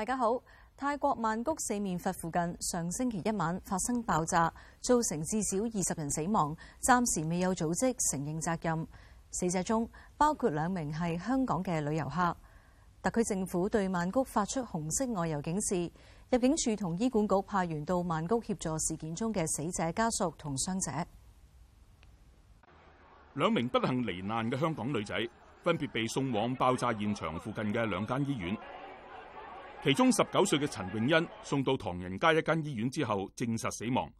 大家好，泰國曼谷四面佛附近上星期一晚發生爆炸，造成至少二十人死亡，暫時未有組織承認責任。死者中包括兩名係香港嘅旅遊客。特區政府對曼谷發出紅色外遊警示，入境處同醫管局派員到曼谷協助事件中嘅死者家屬同傷者。兩名不幸罹難嘅香港女仔分別被送往爆炸現場附近嘅兩間醫院。其中十九歲嘅陳永欣送到唐人街一間醫院之後證實死亡。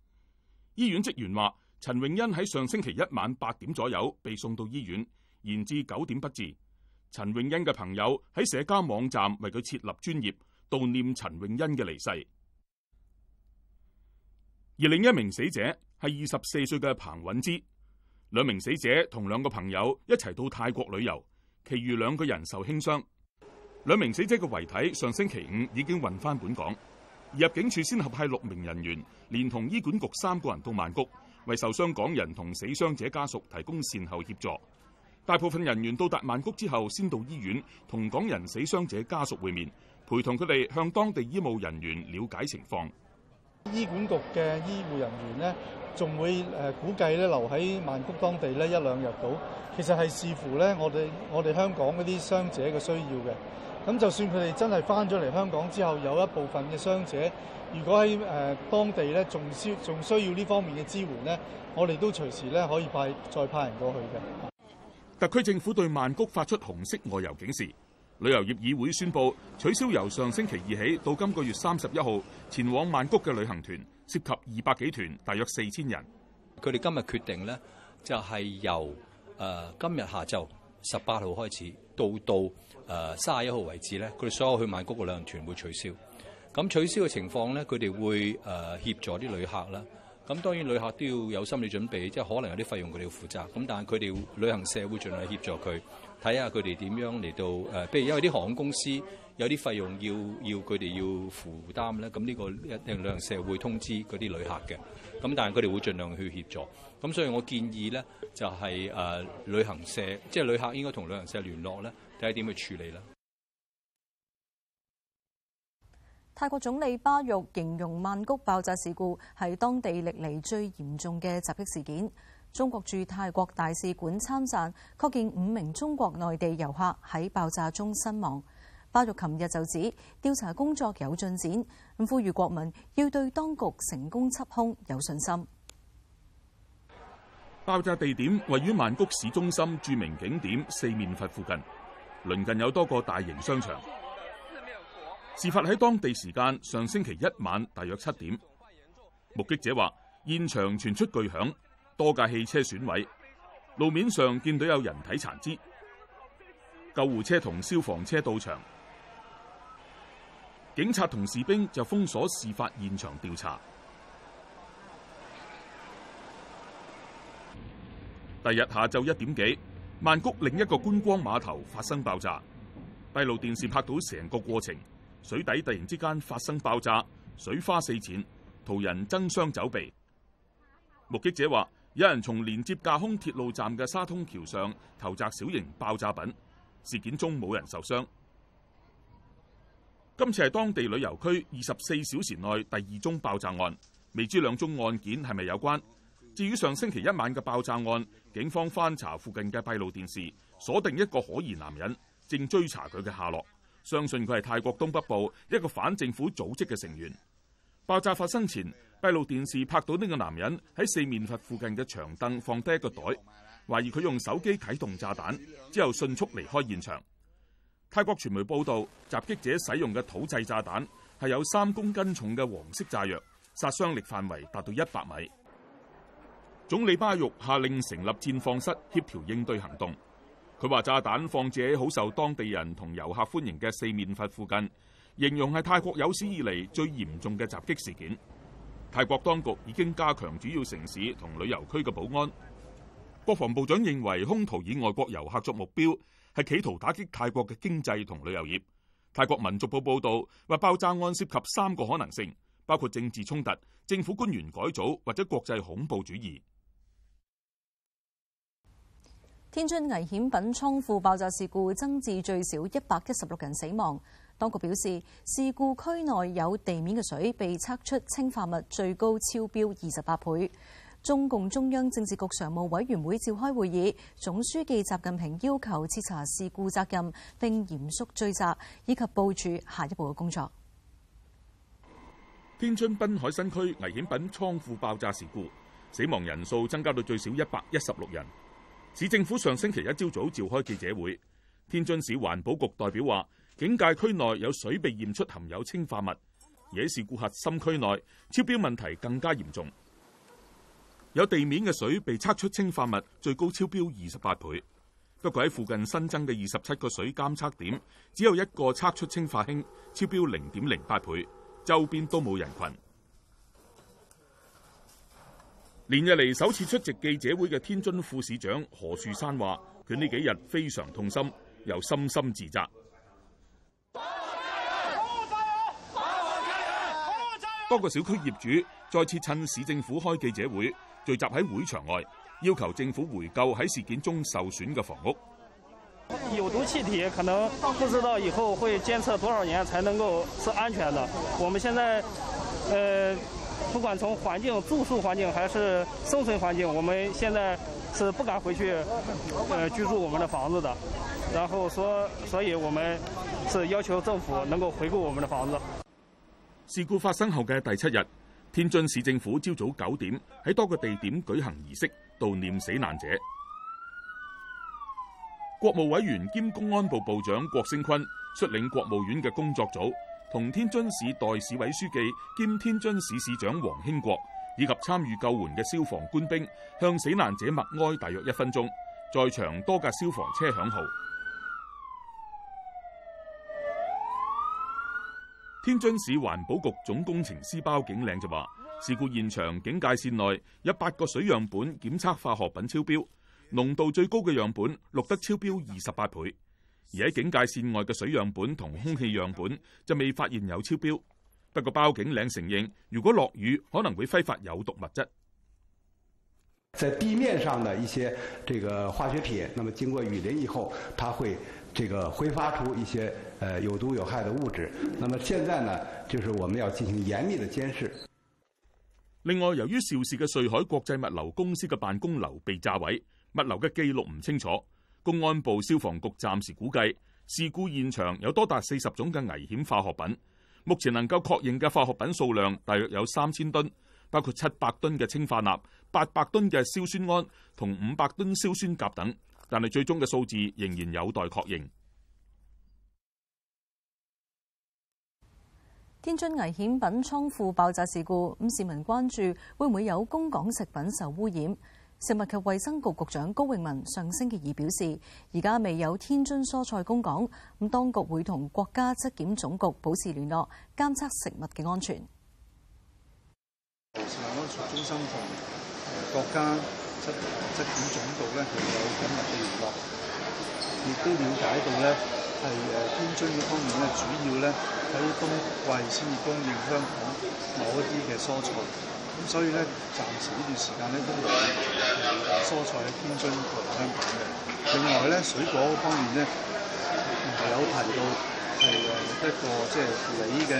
醫院職員話：陳永欣喺上星期一晚八點左右被送到醫院，延至九點不治。陳永欣嘅朋友喺社交網站為佢設立專頁，悼念陳永欣嘅離世。而另一名死者係二十四歲嘅彭允芝。兩名死者同兩個朋友一齊到泰國旅遊，其餘兩個人受輕傷。兩名死者嘅遺體上星期五已經運返本港，入境處先合派六名人員，連同醫管局三個人到曼谷，為受傷港人同死傷者家屬提供善後協助。大部分人員到達曼谷之後，先到醫院同港人死傷者家屬會面，陪同佢哋向當地醫務人員了解情況。醫管局嘅醫護人員呢，仲會誒估計呢留喺曼谷當地呢一兩日度，其實係視乎呢我哋我哋香港嗰啲傷者嘅需要嘅。咁就算佢哋真係翻咗嚟香港之後，有一部分嘅傷者，如果喺誒當地咧，仲需仲需要呢方面嘅支援咧，我哋都隨時咧可以派再派人過去嘅。特區政府對曼谷發出紅色外遊警示，旅遊業議會宣佈取消由上星期二起到今個月三十一號前往曼谷嘅旅行團，涉及二百幾團，大約四千人。佢哋今日決定咧，就係由誒今日下晝十八號開始。到到誒三十一號為止咧，佢哋所有去曼谷嘅旅行團會取消。咁取消嘅情況咧，佢哋會誒協、呃、助啲旅客啦。咁當然旅客都要有心理準備，即係可能有啲費用佢哋要負責。咁但係佢哋旅行社會盡量協助佢睇下佢哋點樣嚟到誒。譬如因為啲航空公司有啲費用要要佢哋要負擔咧，咁呢個一定旅行社會通知嗰啲旅客嘅。咁但係佢哋會盡量去協助。咁所以我建議咧就係旅行社即係、就是、旅客應該同旅行社聯絡咧，睇下點去處理啦。泰國總理巴育形容曼谷爆炸事故係當地歷嚟最嚴重嘅襲擊事件。中國駐泰國大使館參贊確認五名中國內地遊客喺爆炸中身亡。巴育琴日就指調查工作有進展，咁呼籲國民要對當局成功緝兇有信心。爆炸地點位於曼谷市中心著名景點四面佛附近，鄰近有多個大型商場。事發喺當地時間上星期一晚，大約七點。目擊者話，現場傳出巨響，多架汽車損毀，路面上見到有人體殘肢。救護車同消防車到場，警察同士兵就封鎖事發現場調查。第日下晝一點幾，曼谷另一個觀光碼頭發生爆炸，閉路電視拍到成個過程。水底突然之間發生爆炸，水花四濺，途人爭相走避。目擊者話：有人從連接架空鐵路站嘅沙通橋上投擲小型爆炸品。事件中冇人受傷。今次係當地旅遊區二十四小時內第二宗爆炸案，未知兩宗案件係咪有關。至於上星期一晚嘅爆炸案，警方翻查附近嘅閉路電視，鎖定一個可疑男人，正追查佢嘅下落。相信佢係泰國東北部一個反政府組織嘅成員。爆炸發生前，閉路電視拍到呢個男人喺四面佛附近嘅長凳放低一個袋，懷疑佢用手機啟動炸彈之後，迅速離開現場。泰國傳媒報道，襲擊者使用嘅土製炸彈係有三公斤重嘅黃色炸藥，殺傷力範圍達到一百米。總理巴育下令成立戰況室，協調應對行動。佢話炸彈放置喺好受當地人同遊客歡迎嘅四面佛附近，形容係泰國有史以嚟最嚴重嘅襲擊事件。泰國當局已經加強主要城市同旅遊區嘅保安。國防部長認為兇徒以外國遊客作目標，係企圖打擊泰國嘅經濟同旅遊業。泰國民族報報道話爆炸案涉及三個可能性，包括政治衝突、政府官員改組或者國際恐怖主義。天津危險品倉庫爆炸事故增至最少一百一十六人死亡。當局表示，事故區內有地面嘅水被測出氰化物最高超標二十八倍。中共中央政治局常務委員會召開會議，總書記習近平要求徹查事故責任並嚴肅追責，以及部署下一步嘅工作。天津濱海新區危險品倉庫爆炸事故死亡人數增加到最少一百一十六人。市政府上星期一朝早召開記者會，天津市環保局代表話，警戒區內有水被驗出含有氰化物，而喺事故核心區內超標問題更加嚴重，有地面嘅水被測出氰化物最高超標二十八倍，不過喺附近新增嘅二十七個水監測點只有一個測出氰化氫超標零點零八倍，周邊都冇人群。連日嚟首次出席記者會嘅天津副市長何樹山話，佢呢幾日非常痛心，又深深自責。多個小區業主再次趁市政府開記者會，聚集喺會場外，要求政府回購喺事件中受損嘅房屋。有毒氣體可能不知道以後會監測多少年才能夠是安全的。我們現在，呃。不管從環境、住宿環境還是生存環境，我們現在是不敢回去，呃，居住我們的房子的。然後說，所以我們是要求政府能夠回購我們的房子。事故發生後嘅第七日，天津市政府朝早九點喺多個地點舉行儀式，悼念死難者。國務委員兼公安部部長郭聲琨率領國務院嘅工作組。同天津市代市委書記兼天津市市長黃興國以及參與救援嘅消防官兵向死難者默哀大約一分鐘，在場多架消防車響號。天津市環保局總工程師包景嶺就話，事故現場警戒線內有八個水樣本檢測化，化學品超標，濃度最高嘅樣本錄得超標二十八倍。而喺警戒線外嘅水樣本同空氣樣本就未發現有超標。不過，包景嶺承認，如果落雨，可能會揮發有毒物質。在地面上的一些這個化學品，那麼經過雨淋以後，它會這個揮發出一些呃有毒有害的物質。那麼現在呢，就是我們要進行嚴密的監視。另外，由於肇事嘅瑞海國際物流公司嘅辦公樓被炸毀，物流嘅記錄唔清楚。公安部消防局暫時估計，事故現場有多達四十種嘅危險化學品。目前能夠確認嘅化學品數量大約有三千噸，包括七百噸嘅氰化鈉、八百噸嘅硝酸銨同五百噸硝酸鉀等。但係最終嘅數字仍然有待確認。天津危險品倉庫爆炸事故，咁市民關注會唔會有供港食品受污染？食物及衛生局局長高永文上星期二表示，而家未有天津蔬菜供港，咁當局會同國家質檢總局保持聯絡，監測食物嘅安全。食物安全中心同國家質質檢總局咧，有緊密嘅聯絡，亦都了解到咧，係誒天津方面咧，主要咧喺冬季先至供應香港某一啲嘅蔬菜。咁所以咧，暫時呢段時間咧都冇、嗯、蔬菜喺天津同香港嘅。另外咧，水果方面咧，唔係有提到係誒一個即係梨嘅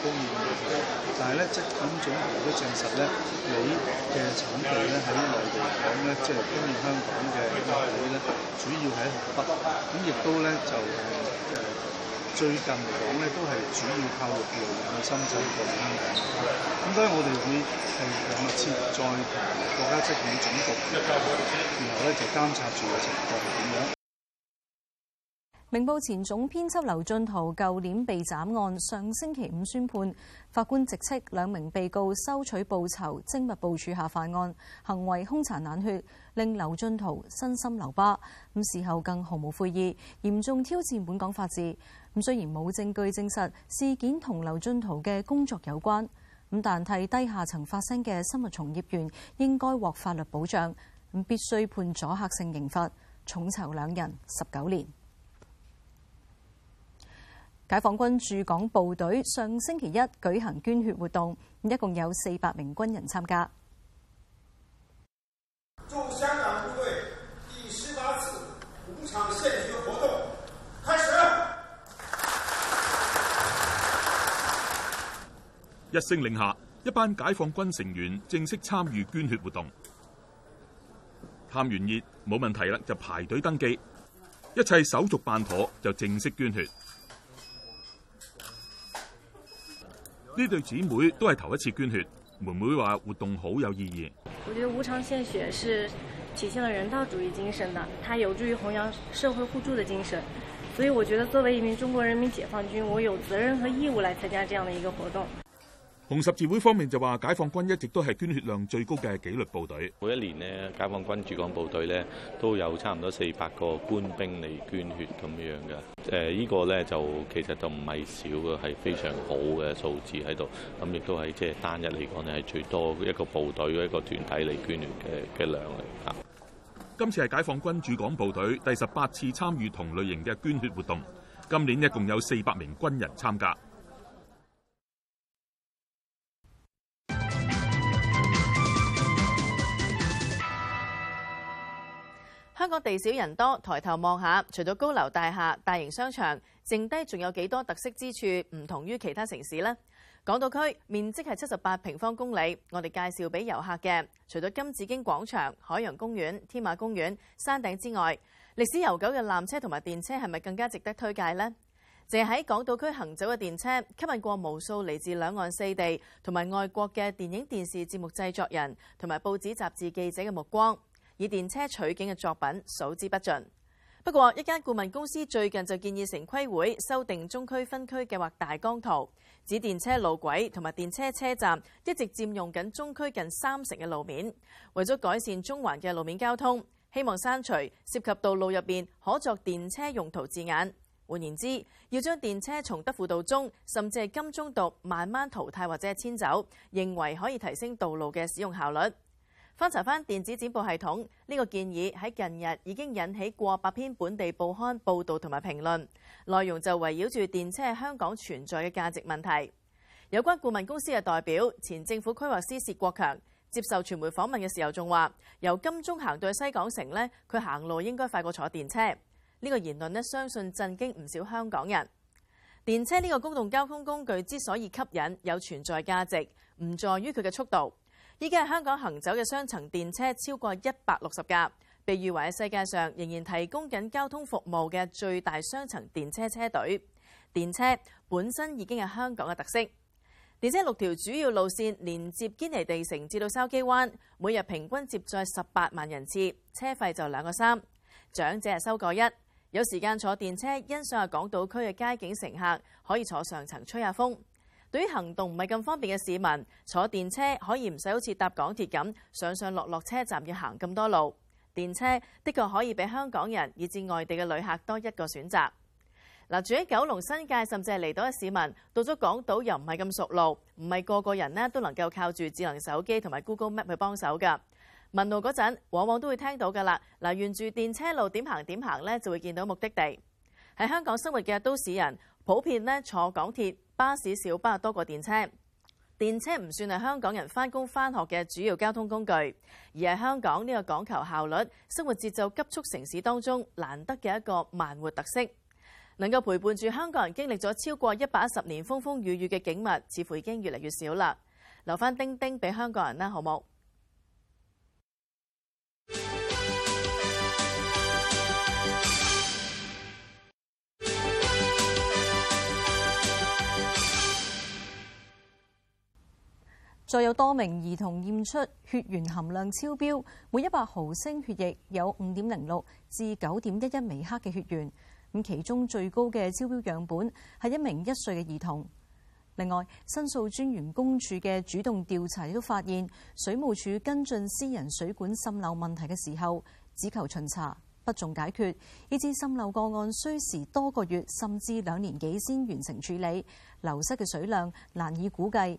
供應問題。但係咧，質檢總局都證實咧，梨嘅產地咧喺內地講咧，即係供應香港嘅梨咧，主要喺河北。咁、嗯、亦都咧就誒。嗯最近嚟講咧，都係主要靠陸路嘅深圳過境嘅。咁所以我哋會係兩個設在國家質檢總局檢，一然後咧就監察住嘅情況係點樣？明報前總編輯劉進圖舊年被斬案，上星期五宣判，法官直斥兩名被告收取報酬、精密部署下犯案，行為兇殘冷血，令劉進圖身心留疤。咁事後更毫無悔意，嚴重挑戰本港法治。咁，雖然冇證據證實事件同劉進圖嘅工作有關，咁但係低下層發生嘅新聞從業員應該獲法律保障，咁必須判阻吓性刑罰，重囚兩人十九年。解放軍駐港部隊上星期一舉行捐血活動，一共有四百名軍人參加。一聲令下，一班解放軍成員正式參與捐血活動。探完熱冇問題啦，就排隊登記，一切手續辦妥就正式捐血。呢對姊妹都係頭一次捐血，妹妹話活動好有意義。我覺得無償獻血是體現了人道主義精神的，它有助於弘揚社會互助的精神。所以我覺得作為一名中國人民解放軍，我有責任和義務來參加這樣的一個活動。紅十字會方面就話，解放軍一直都係捐血量最高嘅紀律部隊。每一年呢，解放軍駐港部隊呢都有差唔多四百個官兵嚟捐血咁樣樣噶。誒，呢個呢就其實就唔係少嘅，係非常好嘅數字喺度。咁亦都係即係單日嚟講，係最多一個部隊一個團體嚟捐血嘅嘅量嚟。今次係解放軍駐港部隊第十八次參與同類型嘅捐血活動。今年一共有四百名軍人參加。香港地少人多，抬頭望下，除咗高樓大廈、大型商場，剩低仲有幾多特色之處唔同於其他城市呢？港島區面積係七十八平方公里，我哋介紹俾遊客嘅，除咗金紫荊廣場、海洋公園、天馬公園、山頂之外，歷史悠久嘅纜車同埋電車係咪更加值得推介咧？淨係喺港島區行走嘅電車吸引過無數嚟自兩岸四地同埋外國嘅電影、電視節目製作人同埋報紙雜誌記者嘅目光。以電車取景嘅作品數之不盡。不過，一間顧問公司最近就建議城規會修訂中區分區計劃大綱圖，指電車路軌同埋電車車站一直佔用緊中區近三成嘅路面，為咗改善中環嘅路面交通，希望刪除涉及道路入面可作電車用途字眼。換言之，要將電車從德輔道中甚至係金鐘道慢慢淘汰或者遷走，認為可以提升道路嘅使用效率。翻查返電子展報系統，呢個建議喺近日已經引起過百篇本地報刊報導同埋評論，內容就圍繞住電車係香港存在嘅價值問題。有關顧問公司嘅代表前政府規劃師薛國強接受傳媒訪問嘅時候仲話，由金鐘行到去西港城呢，佢行路應該快過坐電車。呢個言論相信震驚唔少香港人。電車呢個公共交通工具之所以吸引有存在價值，唔在於佢嘅速度。依家香港行走嘅雙層電車超過一百六十架，被譽為世界上仍然提供緊交通服務嘅最大雙層電車車隊。電車本身已經係香港嘅特色。電車六條主要路線連接堅尼地城至到筲箕灣，每日平均接載十八萬人次，車費就兩個三，長者係收過一。有時間坐電車欣賞下港島區嘅街景，乘客可以坐上層吹下風。對於行動唔係咁方便嘅市民，坐電車可以唔使好似搭港鐵咁上上落落車站要行咁多路。電車的確可以俾香港人以至外地嘅旅客多一個選擇。嗱，住喺九龍新界甚至係離島嘅市民到咗港島又唔係咁熟路，唔係個個人咧都能夠靠住智能手機同埋 Google Map 去幫手㗎。問路嗰陣往往都會聽到㗎啦。嗱，沿住電車路點行點行呢，就會見到目的地。喺香港生活嘅都市人普遍咧坐港鐵。巴士、小巴多過電車，電車唔算係香港人翻工翻學嘅主要交通工具，而係香港呢個講求效率、生活節奏急速城市當中難得嘅一個慢活特色，能夠陪伴住香港人經歷咗超過一百一十年風風雨雨嘅景物，似乎已經越嚟越少啦。留翻叮叮俾香港人啦，好冇？再有多名兒童驗出血鉛含量超標，每一百毫升血液有五點零六至九點一一微克嘅血鉛。咁其中最高嘅超標樣本係一名一歲嘅兒童。另外，申訴專員公署嘅主動調查亦都發現，水務署跟進私人水管滲漏問題嘅時候，只求巡查不重解決，以致滲漏個案需時多個月甚至兩年幾先完成處理，流失嘅水量難以估計。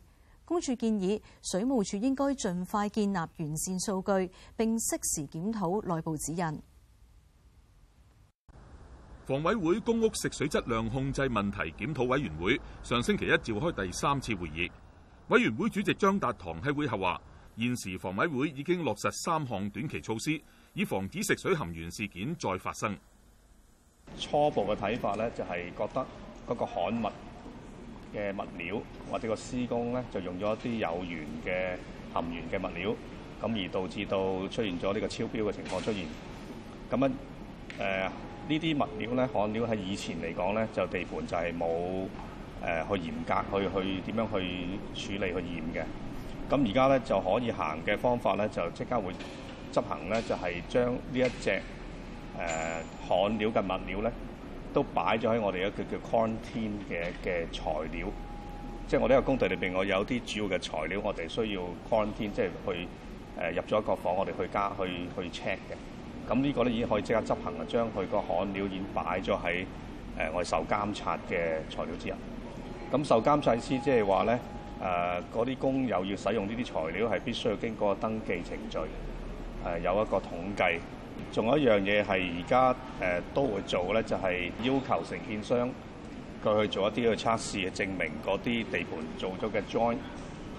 公署建議水務署應該盡快建立完善數據，並適時檢討內部指引。房委會公屋食水質量控制問題檢討委員會上星期一召開第三次會議，委員會主席張達棠喺會後話：現時房委會已經落實三項短期措施，以防止食水含鉛事件再發生。初步嘅睇法呢，就係覺得嗰個刊物，嘅物料或者個施工咧，就用咗一啲有鉛嘅含鉛嘅物料，咁而導致到出現咗呢個超標嘅情況出現。咁樣誒呢啲物料咧，焊料喺以前嚟講咧，就地盤就係冇誒去嚴格去去點樣去處理去驗嘅。咁而家咧就可以行嘅方法咧，就即刻會執行咧，就係將呢一隻誒焊料嘅物料咧，都擺咗喺我哋一個叫 quarantine 嘅嘅材料，即係我呢個工地裏邊，我有啲主要嘅材料，我哋需要 quarantine，即係去誒、呃、入咗一個房，我哋去加去去 check 嘅。咁呢個咧已經可以即刻執行喇，將佢個焊料已經擺咗喺誒我哋受監察嘅材料之入。咁受監察師即係話咧誒，嗰、呃、啲工友要使用呢啲材料係必須要經過登記程序，誒、呃、有一個統計。仲有一樣嘢係而家誒都會做咧，就係、是、要求承建商佢去做一啲嘅測試，證明嗰啲地盤做咗嘅 join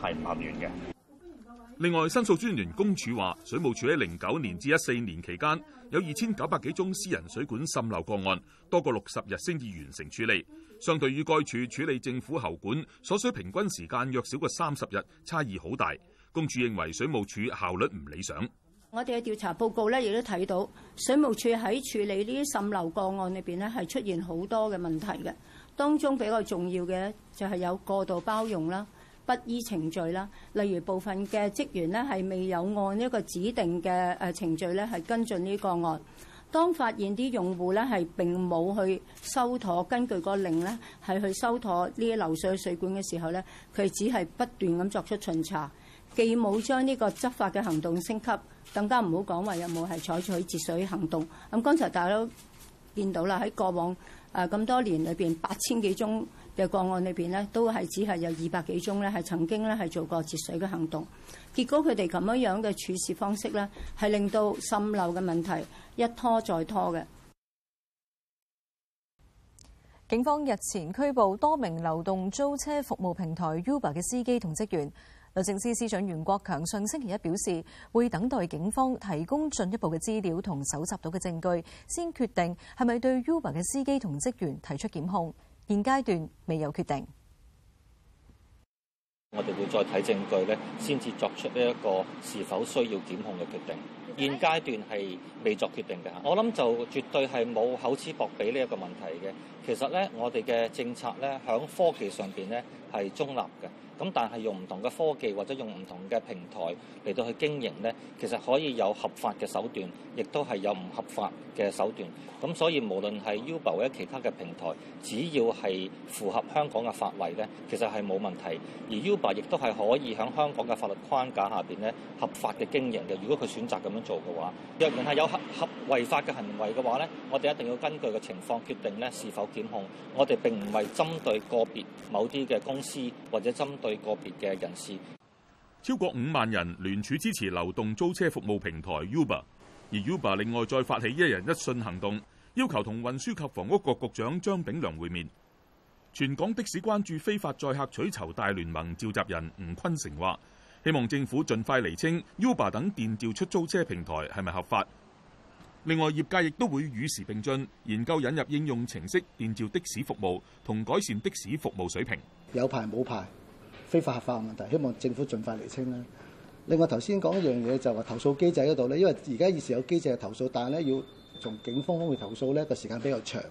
係唔合驗嘅。另外，申訴專員公署話，水務署喺零九年至一四年期間，有二千九百幾宗私人水管滲漏個案，多過六十日先至完成處理。相對於該署處理政府喉管所需平均時間約少過三十日，差異好大。公署認為水務署效率唔理想。我哋嘅調查報告咧，亦都睇到水務署喺處理呢啲滲漏個案裏邊咧，係出現好多嘅問題嘅。當中比較重要嘅就係有過度包容啦、不依程序啦。例如部分嘅職員呢，係未有按呢一個指定嘅誒程序咧，係跟進呢個案。當發現啲用戶咧係並冇去收妥，根據個令咧係去收妥呢啲漏水的水管嘅時候咧，佢只係不斷咁作出巡查。既冇將呢個執法嘅行動升級，更加唔好講話有冇係採取截水嘅行動。咁剛才大家都見到啦，喺過往誒、咁、呃、多年裏邊，八千幾宗嘅個案裏邊呢，都係只係有二百幾宗呢係曾經呢係做過截水嘅行動。結果佢哋咁樣樣嘅處事方式呢，係令到滲漏嘅問題一拖再拖嘅。警方日前拘捕多名流動租車服務平台 Uber 嘅司機同職員。律政司司長袁國強上星期一表示，會等待警方提供進一步嘅資料同搜集到嘅證據，先決定係咪對 Uber 嘅司機同職員提出檢控。現階段未有決定。我哋會再睇證據咧，先至作出呢一個是否需要檢控嘅決定。現階段係未作決定嘅。我諗就絕對係冇厚此薄彼呢一個問題嘅。其實咧，我哋嘅政策咧，響科技上邊咧係中立嘅。咁但係用唔同嘅科技或者用唔同嘅平台嚟到去經營咧，其實可以有合法嘅手段，亦都係有唔合法嘅手段。咁所以無論係 Uber 或者其他嘅平台，只要係符合香港嘅法例咧，其實係冇問題，而 Uber 亦都係可以響香港嘅法律框架下邊咧合法嘅經營嘅。如果佢選擇咁樣做嘅話，若然係有合合違法嘅行為嘅話咧，我哋一定要根據嘅情況決定咧是否檢控。我哋並唔係針對個別某啲嘅公司或者針對。個別嘅人士。超過五萬人聯署支持流動租車服務平台 Uber，而 Uber 另外再發起一人一信行動，要求同運輸及房屋局局局長張炳良會面。全港的士關注非法載客取酬大聯盟召集人吳坤成話，希望政府盡快釐清 Uber 等電召出租車平台係咪合法。另外，業界亦都會與時並進研究引入應用程式電召的士服務，同改善的士服務水平。有牌冇牌。非法合法嘅問題，希望政府盡快厘清啦。另外頭先講一樣嘢就係話投訴機制嗰度咧，因為而家以前有機制嘅投訴，但係咧要從警方方面投訴咧個時間比較長，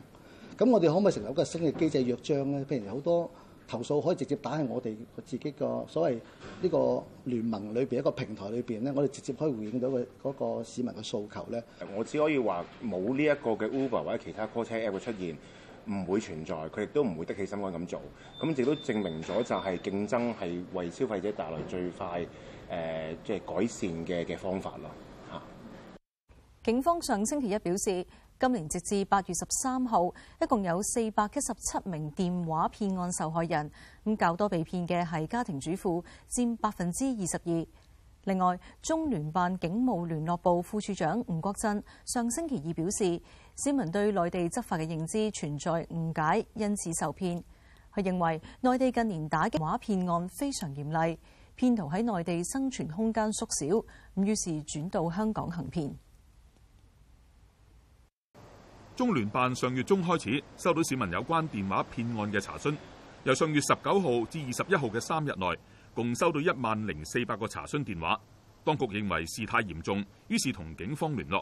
咁我哋可唔可以成立一個新嘅機制約章咧？譬如好多。投訴可以直接打喺我哋自己個所謂呢個聯盟裏邊一個平台裏邊咧，我哋直接可以回應到佢嗰個市民嘅訴求咧。我只可以話冇呢一個嘅 Uber 或者其他 call 車 App 嘅出現，唔會存在，佢亦都唔會得起心安心肝咁做。咁亦都證明咗就係競爭係為消費者帶來最快誒即係改善嘅嘅方法咯。嚇！警方上星期一表示。今年直至八月十三號，一共有四百一十七名電話騙案受害人。咁較多被騙嘅係家庭主婦，佔百分之二十二。另外，中聯辦警務聯絡部副處長吳國鎮上星期二表示，市民對內地執法嘅認知存在誤解，因此受騙。佢認為內地近年打擊電話騙案非常嚴厲，騙徒喺內地生存空間縮小，咁於是轉到香港行騙。中聯辦上月中開始收到市民有關電話騙案嘅查詢，由上月十九號至二十一號嘅三日內，共收到一萬零四百個查詢電話。當局認為事態嚴重，於是同警方聯絡。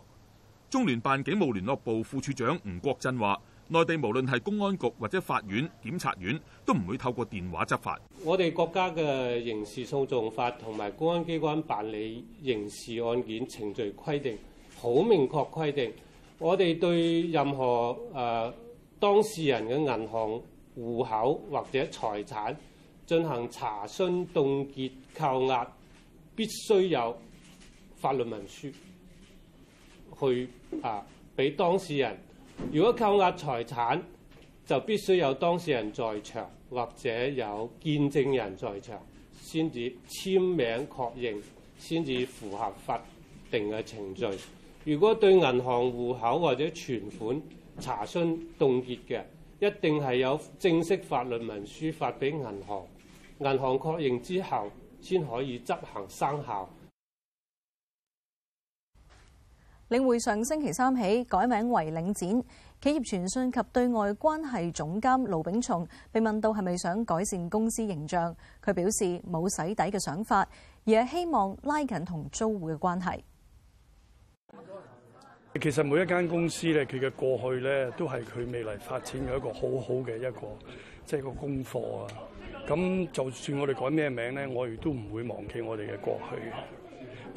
中聯辦警務聯絡部副處長吳國振話：內地無論係公安局或者法院、檢察院，都唔會透過電話執法。我哋國家嘅刑事訴訟法同埋公安機關辦理刑事案件程序規定，好明確規定。我哋對任何誒、呃、當事人嘅銀行戶口或者財產進行查詢、凍結、扣押，必須有法律文書去啊，俾、呃、當事人。如果扣押財產，就必須有當事人在場或者有見證人在場，先至簽名確認，先至符合法定嘅程序。如果對銀行戶口或者存款查詢、凍結嘅，一定係有正式法律文書發俾銀行，銀行確認之後先可以執行生效。領匯上星期三起改名為領展，企業傳訊及對外關係總監盧炳松被問到係咪想改善公司形象，佢表示冇洗底嘅想法，而係希望拉近同租戶嘅關係。其實每一間公司咧，佢嘅過去咧，都係佢未來發展嘅一個好好嘅一個即係個功課啊。咁就算我哋改咩名咧，我亦都唔會忘記我哋嘅過去。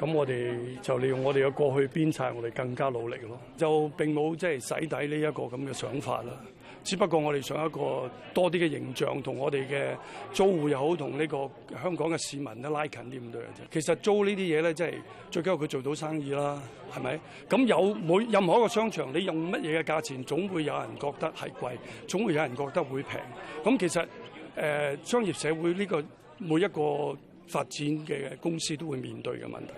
咁我哋就利用我哋嘅過去鞭策我哋更加努力咯。就並冇即係洗底呢一個咁嘅想法啦。只不過我哋想一個多啲嘅形象，同我哋嘅租戶又好，同呢個香港嘅市民都拉近啲咁多嘅啫。其實租呢啲嘢咧，即係最緊要佢做到生意啦，係咪？咁有每任何一個商場，你用乜嘢嘅價錢，總會有人覺得係貴，總會有人覺得會平。咁其實、呃、商業社會呢、呢個每一個發展嘅公司都會面對嘅問題。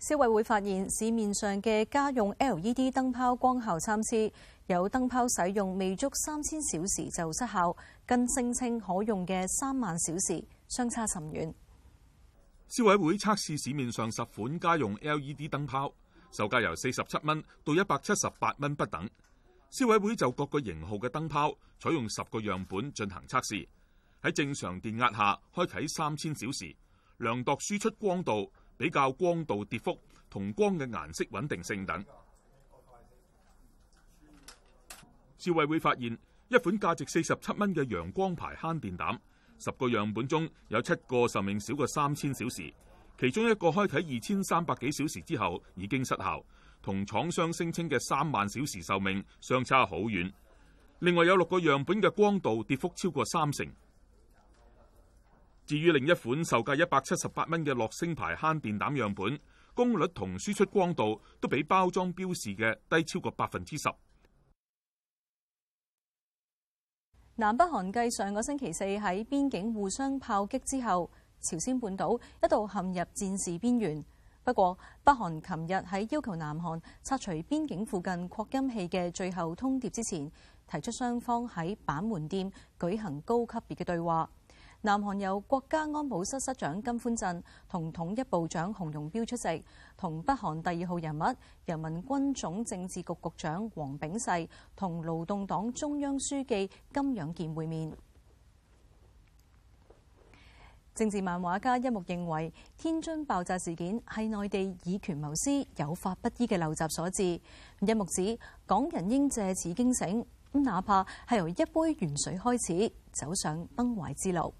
消委會發現市面上嘅家用 LED 燈泡光效參差，有燈泡使用未足三千小時就失效，跟聲稱可用嘅三萬小時相差甚遠。消委會測試市面上十款家用 LED 燈泡，售價由四十七蚊到一百七十八蚊不等。消委會就各個型號嘅燈泡，採用十個樣本進行測試，喺正常電壓下開啟三千小時，量度輸出光度。比較光度跌幅同光嘅顏色穩定性等，消委會發現一款價值四十七蚊嘅陽光牌慳電膽，十個樣本中有七個壽命少過三千小時，其中一個開啟二千三百幾小時之後已經失效，同廠商聲稱嘅三萬小時壽命相差好遠。另外有六個樣本嘅光度跌幅超過三成。至於另一款售價一百七十八蚊嘅樂聲牌慳電膽樣本，功率同輸出光度都比包裝標示嘅低超過百分之十。南北韓繼上個星期四喺邊境互相炮擊之後，朝鮮半島一度陷入戰事邊緣。不過，北韓琴日喺要求南韓拆除邊境附近擴音器嘅最後通牒之前，提出雙方喺板門店舉行高級別嘅對話。南韓由國家安保室室長金寬鎮同統一部長洪容彪出席，同北韓第二號人物人民軍總政治局局長黃炳誓同勞動黨中央書記金養健會面。政治漫畫家一木認為，天津爆炸事件係內地以權謀私、有法不依嘅陋習所致。一木指港人應借此驚醒，哪怕係由一杯原水開始，走上崩壞之路。